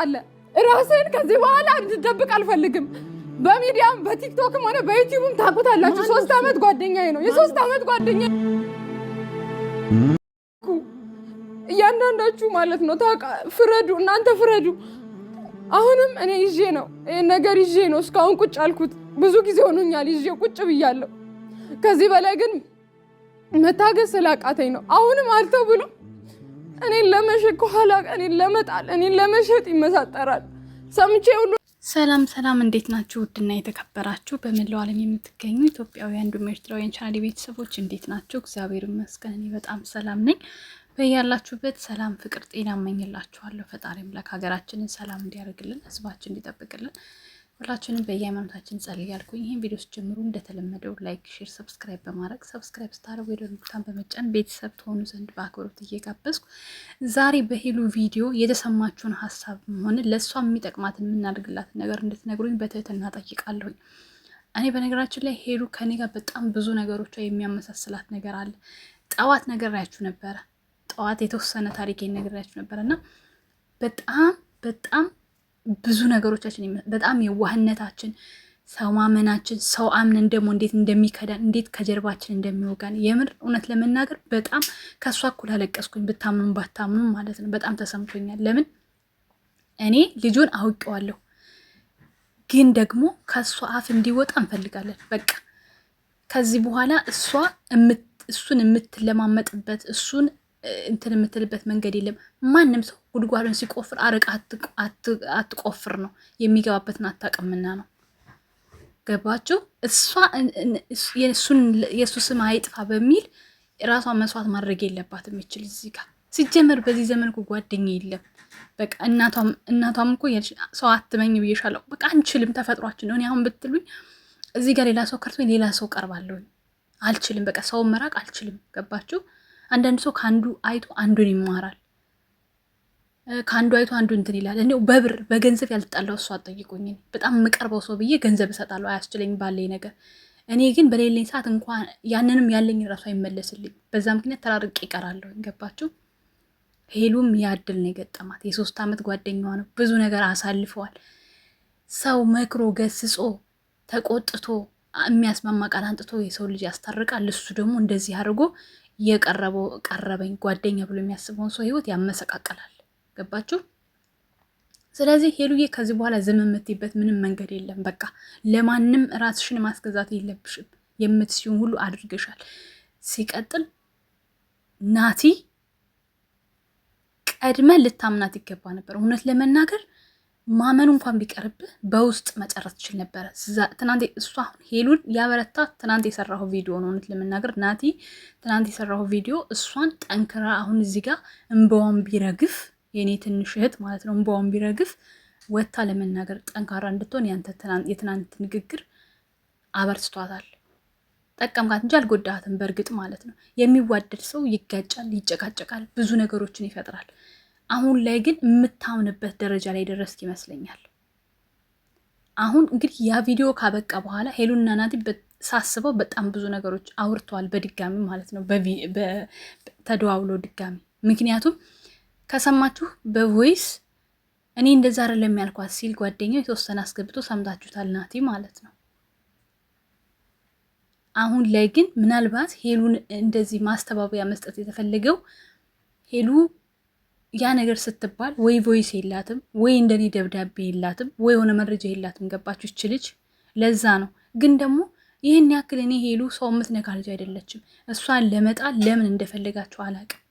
አለ ራስህን ከዚህ በኋላ እንድትደብቅ አልፈልግም። በሚዲያም በቲክቶክም ሆነ በዩቲዩብም ታውቁታላችሁ። ሶስት ዓመት ጓደኛዬ ነው። የሶስት ዓመት ጓደኛ እያንዳንዳችሁ ማለት ነው። ፍረዱ፣ እናንተ ፍረዱ። አሁንም እኔ ይዤ ነው ይህን ነገር ይዤ ነው እስካሁን ቁጭ አልኩት። ብዙ ጊዜ ሆኖኛል ይዤ ቁጭ ብያለሁ። ከዚህ በላይ ግን መታገስ ስላቃተኝ ነው። አሁንም አልተው ብሎ እኔን ለመሸጥ ከኋላ እኔን ለመጣል እኔን ለመሸጥ ይመሳጠራል። ሰምቼ ሁሉ ሰላም ሰላም፣ እንዴት ናችሁ? ውድና የተከበራችሁ በመላው ዓለም የምትገኙ ኢትዮጵያውያን እንዲሁም ኤርትራውያን ቻናሌ ቤተሰቦች እንዴት ናችሁ? እግዚአብሔር ይመስገን እኔ በጣም ሰላም ነኝ። በያላችሁበት ሰላም፣ ፍቅር፣ ጤና እመኝላችኋለሁ። ፈጣሪ አምላክ ሀገራችንን ሰላም እንዲያደርግልን፣ ህዝባችን እንዲጠብቅልን ሁላችንም በየሃይማኖታችን ጸልይ ያልኩኝ። ይህን ቪዲዮ ስጀምሩ እንደተለመደው ላይክ፣ ሼር፣ ሰብስክራይብ በማድረግ ሰብስክራይብ ስታደርጉ የደወል ምልክቱን በመጫን ቤተሰብ ትሆኑ ዘንድ በአክብሮት እየጋበዝኩ ዛሬ በሄሉ ቪዲዮ የተሰማችሁን ሀሳብ ሆነ ለእሷ የሚጠቅማትን የምናደርግላትን ነገር እንድትነግሩኝ በትህትና ጠይቃለሁኝ። እኔ በነገራችን ላይ ሄሉ ከኔ ጋር በጣም ብዙ ነገሮቿ የሚያመሳስላት ነገር አለ። ጠዋት ነግሬያችሁ ነበረ። ጠዋት የተወሰነ ታሪክ ነግሬያችሁ ነበረ እና በጣም በጣም ብዙ ነገሮቻችን በጣም የዋህነታችን ሰው ማመናችን ሰው አምነን ደግሞ እንዴት እንደሚከዳን እንዴት ከጀርባችን እንደሚወጋን የምር እውነት ለመናገር በጣም ከእሷ እኩል አለቀስኩኝ። ብታምኑም ባታምኑም ማለት ነው በጣም ተሰምቶኛል። ለምን እኔ ልጁን አውቀዋለሁ፣ ግን ደግሞ ከእሷ አፍ እንዲወጣ እንፈልጋለን። በቃ ከዚህ በኋላ እሷ እሱን የምትለማመጥበት እሱን እንትን የምትልበት መንገድ የለም። ማንም ሰው ጉድጓዱን ሲቆፍር አርቅ አትቆፍር ነው የሚገባበትን አታውቅምና ነው። ገባችሁ? እሷ የእሱ ስም አይጥፋ በሚል ራሷን መስዋዕት ማድረግ የለባትም የሚችል እዚህ ጋር ሲጀመር በዚህ ዘመን እኮ ጓደኛ የለም። በቃ እናቷም እኮ ሰው አትመኝ ብዬሻለሁ። በቃ አንችልም፣ ተፈጥሯችን ነው። እኔ አሁን ብትሉኝ እዚህ ጋር ሌላ ሰው ከርቶ ሌላ ሰው ቀርባለሁ አልችልም፣ በቃ ሰውን መራቅ አልችልም። ገባችሁ? አንዳንድ ሰው ከአንዱ አይቶ አንዱን ይማራል። ከአንዱ አይቶ አንዱ እንትን ይላል። እንዲያው በብር በገንዘብ ያልጣለው እሱ አጠይቁኝ። በጣም የምቀርበው ሰው ብዬ ገንዘብ እሰጣለሁ አያስችለኝ ባለኝ ነገር። እኔ ግን በሌለኝ ሰዓት እንኳን ያንንም ያለኝ ራሱ አይመለስልኝ። በዛ ምክንያት ተራርቄ ይቀራለሁ። ገባችሁ? ሄሉም ያድል ነው የገጠማት። የሶስት ዓመት ጓደኛዋ ነው። ብዙ ነገር አሳልፈዋል። ሰው መክሮ ገስጾ ተቆጥቶ የሚያስማማ ቃል አንጥቶ የሰው ልጅ ያስታርቃል። እሱ ደግሞ እንደዚህ አድርጎ የቀረበው ቀረበኝ ጓደኛ ብሎ የሚያስበውን ሰው ህይወት ያመሰቃቀላል። ገባችሁ? ስለዚህ ሄሉዬ ከዚህ በኋላ ዝም የምትይበት ምንም መንገድ የለም። በቃ ለማንም ራስሽን ማስገዛት የለብሽም። የምትሲውን ሁሉ አድርገሻል። ሲቀጥል ናቲ ቀድመ ልታምናት ይገባ ነበር እውነት ለመናገር ማመኑ እንኳን ቢቀርብህ በውስጥ መጨረስ ትችል ነበረ። ትናንት እሱ አሁን ሄሉን ያበረታ ትናንት የሰራሁ ቪዲዮ ነው። እውነት ለመናገር ናቲ ትናንት የሰራሁ ቪዲዮ እሷን ጠንክራ አሁን እዚህ ጋር እንበዋን ቢረግፍ የእኔ ትንሽ እህት ማለት ነው እንበዋን ቢረግፍ ወታ ለመናገር ጠንካራ እንድትሆን ያንተ የትናንት ንግግር አበርትቷታል። ጠቀምካት እንጂ አልጎዳሃትም። በእርግጥ ማለት ነው የሚዋደድ ሰው ይጋጫል፣ ይጨቃጨቃል፣ ብዙ ነገሮችን ይፈጥራል። አሁን ላይ ግን የምታምንበት ደረጃ ላይ ደረስክ ይመስለኛል። አሁን እንግዲህ ያ ቪዲዮ ካበቃ በኋላ ሄሉና ናቲ ሳስበው በጣም ብዙ ነገሮች አውርተዋል፣ በድጋሚ ማለት ነው ተደዋውሎ ድጋሚ። ምክንያቱም ከሰማችሁ በቮይስ እኔ እንደዛ አይደለም ያልኳት ሲል ጓደኛው የተወሰነ አስገብቶ ሰምታችሁታል፣ ናቲ ማለት ነው። አሁን ላይ ግን ምናልባት ሄሉን እንደዚህ ማስተባበያ መስጠት የተፈለገው ሄሉ ያ ነገር ስትባል ወይ ቮይስ የላትም ወይ እንደኔ ደብዳቤ የላትም ወይ የሆነ መረጃ የላትም። ገባችሁ ይች ልጅ? ለዛ ነው ግን ደግሞ ይህን ያክል እኔ ሄሉ ሰው የምትነካ ልጅ አይደለችም። እሷን ለመጣል ለምን እንደፈለጋችሁ አላቅም።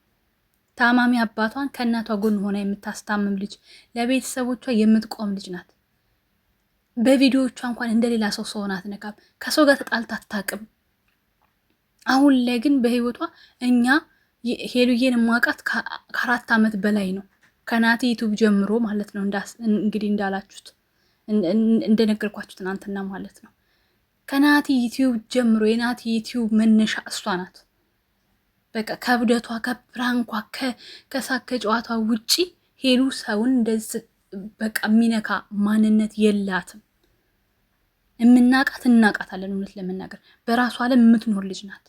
ታማሚ አባቷን ከእናቷ ጎን ሆና የምታስታምም ልጅ፣ ለቤተሰቦቿ የምትቆም ልጅ ናት። በቪዲዮቿ እንኳን እንደሌላ ሰው ሰውን አትነካም። ከሰው ጋር ተጣልታ አታውቅም። አሁን ላይ ግን በህይወቷ እኛ ሄሉዬን ማውቃት ከአራት ዓመት በላይ ነው ከናቲ ዩቱብ ጀምሮ ማለት ነው። እንግዲህ እንዳላችሁት እንደነገርኳችሁ ትናንትና ማለት ነው ከናቲ ዩቲዩብ ጀምሮ የናቲ ዩቲዩብ መነሻ እሷ ናት። በቃ ከብደቷ፣ ከፕራንኳ፣ ከሳቅ ከጨዋቷ ውጪ ሄሉ ሰውን እንደዚህ በቃ የሚነካ ማንነት የላትም። የምናቃት እናቃታለን። እውነት ለመናገር በራሷ ዓለም የምትኖር ልጅ ናት።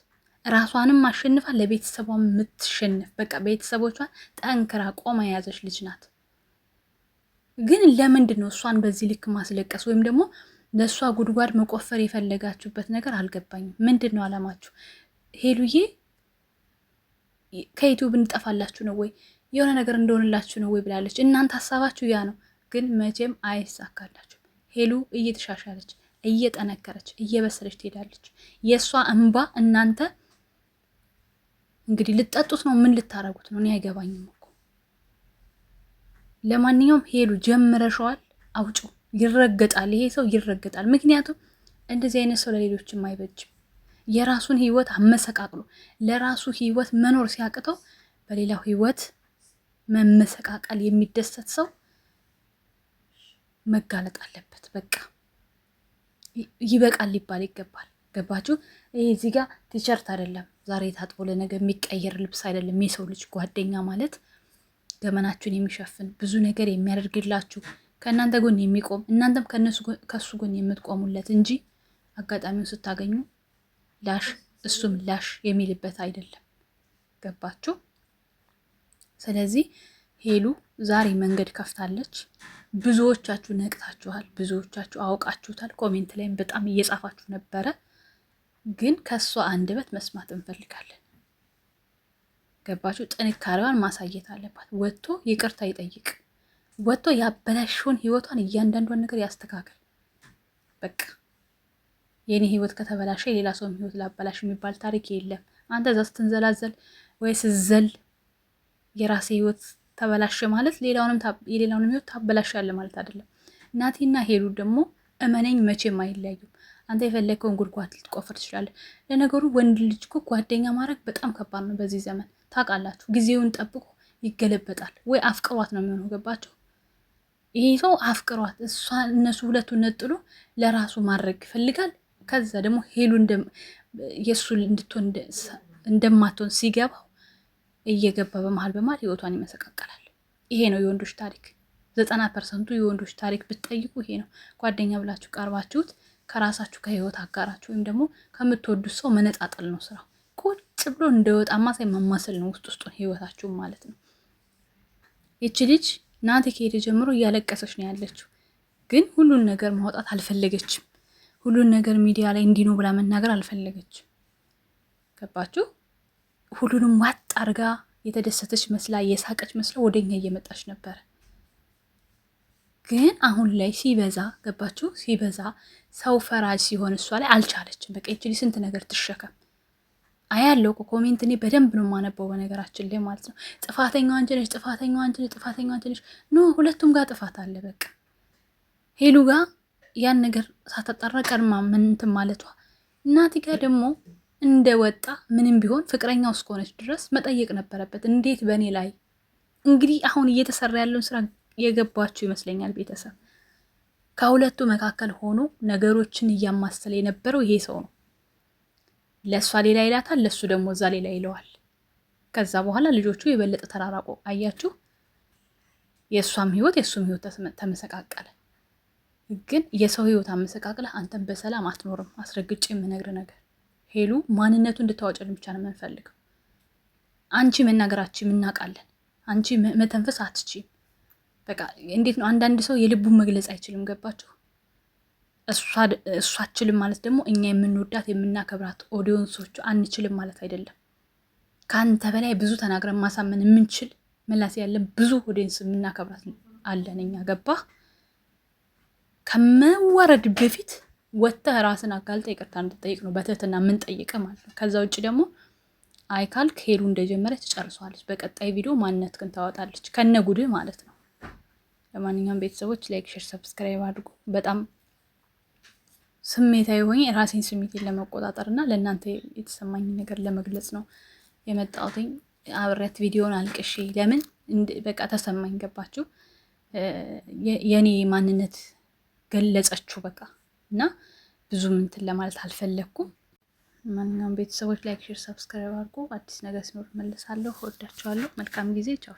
ራሷንም አሸንፋ ለቤተሰቧ የምትሸንፍ በቃ ቤተሰቦቿን ጠንክራ ቆማ የያዘች ልጅ ናት። ግን ለምንድን ነው እሷን በዚህ ልክ ማስለቀስ ወይም ደግሞ ለእሷ ጉድጓድ መቆፈር የፈለጋችሁበት ነገር አልገባኝም። ምንድን ነው አላማችሁ? ሄሉዬ ከዩቲዩብ እንጠፋላችሁ ነው ወይ የሆነ ነገር እንደሆንላችሁ ነው ወይ ብላለች። እናንተ ሀሳባችሁ ያ ነው፣ ግን መቼም አይሳካላችሁም። ሄሉ እየተሻሻለች እየጠነከረች እየበሰለች ትሄዳለች። የእሷ እንባ እናንተ እንግዲህ ልጠጡት ነው? ምን ልታረጉት ነው? እኔ አይገባኝም እኮ። ለማንኛውም ሄሉ ጀምረሸዋል፣ አውጮ ይረገጣል። ይሄ ሰው ይረገጣል። ምክንያቱም እንደዚህ አይነት ሰው ለሌሎችም አይበጅም። የራሱን ህይወት አመሰቃቅሎ ለራሱ ህይወት መኖር ሲያቅተው በሌላው ህይወት መመሰቃቀል የሚደሰት ሰው መጋለጥ አለበት። በቃ ይበቃል ሊባል ይገባል። ገባችሁ? ይሄ እዚህ ጋር ቲሸርት አይደለም ዛሬ ታጥቦ ለነገ የሚቀየር ልብስ አይደለም። የሰው ልጅ ጓደኛ ማለት ገመናችሁን የሚሸፍን ብዙ ነገር የሚያደርግላችሁ ከእናንተ ጎን የሚቆም እናንተም ከእሱ ጎን የምትቆሙለት እንጂ አጋጣሚውን ስታገኙ ላሽ እሱም ላሽ የሚልበት አይደለም። ገባችሁ? ስለዚህ ሄሉ ዛሬ መንገድ ከፍታለች። ብዙዎቻችሁ ነቅታችኋል፣ ብዙዎቻችሁ አውቃችሁታል። ኮሜንት ላይም በጣም እየጻፋችሁ ነበረ። ግን ከእሷ አንደበት መስማት እንፈልጋለን። ገባችሁ? ጥንካሬዋን ማሳየት አለባት። ወጥቶ ይቅርታ ይጠይቅ። ወጥቶ ያበላሽውን ህይወቷን፣ እያንዳንዷን ነገር ያስተካከል። በቃ የኔ ህይወት ከተበላሸ የሌላ ሰውም ህይወት ላበላሽ የሚባል ታሪክ የለም። አንተ እዛ ስትንዘላዘል ወይ ስዘል የራሴ ህይወት ተበላሸ ማለት የሌላውንም ህይወት ታበላሻለ ማለት አይደለም። እናቴና ሄዱ ደግሞ እመነኝ መቼም አይለያዩም። አንተ የፈለግከውን ጉድጓድ ልትቆፍር ትችላለህ። ለነገሩ ወንድ ልጅ እኮ ጓደኛ ማድረግ በጣም ከባድ ነው በዚህ ዘመን ታውቃላችሁ። ጊዜውን ጠብቆ ይገለበጣል። ወይ አፍቅሯት ነው የሚሆነው። ገባቸው? ይሄ ሰው አፍቅሯት እሷ እነሱ ሁለቱ ነጥሎ ለራሱ ማድረግ ይፈልጋል። ከዛ ደግሞ ሄሉ የእሱ እንድትሆን እንደማትሆን ሲገባው እየገባ በመሀል በመሀል ህይወቷን ይመሰቃቀላል። ይሄ ነው የወንዶች ታሪክ። ዘጠና ፐርሰንቱ የወንዶች ታሪክ ብትጠይቁ ይሄ ነው። ጓደኛ ብላችሁ ቀርባችሁት ከራሳችሁ ከህይወት አጋራችሁ ወይም ደግሞ ከምትወዱት ሰው መነጣጠል ነው ስራው። ቁጭ ብሎ እንደወጣ ማሳይ መማሰል ነው ውስጥ ውስጡን ህይወታችሁ ማለት ነው። ይቺ ልጅ ናቲ ከሄደ ጀምሮ እያለቀሰች ነው ያለችው፣ ግን ሁሉን ነገር ማውጣት አልፈለገችም። ሁሉን ነገር ሚዲያ ላይ እንዲኖ ብላ መናገር አልፈለገችም። ገባችሁ? ሁሉንም ዋጥ አርጋ የተደሰተች መስላ የሳቀች መስላ ወደኛ እየመጣች ነበረ። ግን አሁን ላይ ሲበዛ ገባችሁ፣ ሲበዛ ሰው ፈራጅ ሲሆን እሷ ላይ አልቻለችም። በቃ ይችል ስንት ነገር ትሸከም አያለው እኮ ኮሜንት እኔ በደንብ ነው የማነበው፣ በነገራችን ላይ ማለት ነው። ጥፋተኛ አንቺ ነሽ፣ ጥፋተኛ አንቺ ነሽ፣ ጥፋተኛ አንቺ ነሽ። ኖ ሁለቱም ጋር ጥፋት አለ። በቃ ሄሉ ጋር ያን ነገር ሳታጣራ ቀድማ ምንትን ማለቷ፣ እናቲ ጋር ደግሞ እንደወጣ ምንም ቢሆን ፍቅረኛው እስከሆነች ድረስ መጠየቅ ነበረበት። እንዴት በእኔ ላይ እንግዲህ አሁን እየተሰራ ያለውን ስራ የገባችሁ ይመስለኛል ቤተሰብ። ከሁለቱ መካከል ሆኖ ነገሮችን እያማሰለ የነበረው ይሄ ሰው ነው። ለእሷ ሌላ ይላታል፣ ለእሱ ደግሞ እዛ ሌላ ይለዋል። ከዛ በኋላ ልጆቹ የበለጠ ተራራቆ። አያችሁ፣ የእሷም ህይወት የእሱም ህይወት ተመሰቃቀለ። ግን የሰው ህይወት አመሰቃቅለህ አንተን በሰላም አትኖርም። አስረግጭ የምነግር ነገር ሄሉ፣ ማንነቱ እንድታወጭልን ብቻ ነው የምንፈልገው። አንቺ መናገራችን እናውቃለን። አንቺ መተንፈስ አትችም። በቃ እንዴት ነው አንዳንድ ሰው የልቡን መግለጽ አይችልም። ገባችሁ? እሷ አችልም ማለት ደግሞ እኛ የምንወዳት የምናከብራት ኦዲዮንሶቹ አንችልም ማለት አይደለም። ከአንተ በላይ ብዙ ተናግረን ማሳመን የምንችል መላስ ያለን ብዙ ኦዲየንስ የምናከብራት አለን እኛ። ገባ ከመዋረድ በፊት ወጥተህ ራስን አጋልጠ ይቅርታ እንድጠይቅ ነው በትህትና የምንጠይቅህ ማለት ነው። ከዛ ውጭ ደግሞ አይካል ከሄዱ እንደጀመረች ጨርሰዋለች። በቀጣይ ቪዲዮ ማንነትህን ታወጣለች ከነ ጉድህ ማለት ነው። ለማንኛውም ቤተሰቦች ላይክ፣ ሼር፣ ሰብስክራይብ አድርጉ። በጣም ስሜታዊ ሆኜ ራሴን ስሜቴን ለመቆጣጠር እና ለእናንተ የተሰማኝ ነገር ለመግለጽ ነው የመጣሁትኝ። አብሬያት ቪዲዮን አልቅሼ ለምን በቃ ተሰማኝ። ገባችሁ? የእኔ ማንነት ገለጸችሁ በቃ እና ብዙ ምንትን ለማለት አልፈለግኩም። ማንኛውም ቤተሰቦች ላይክ፣ ሼር፣ ሰብስክራይብ አድርጉ። አዲስ ነገር ሲኖር መልሳለሁ። እወዳችኋለሁ። መልካም ጊዜ። ቻው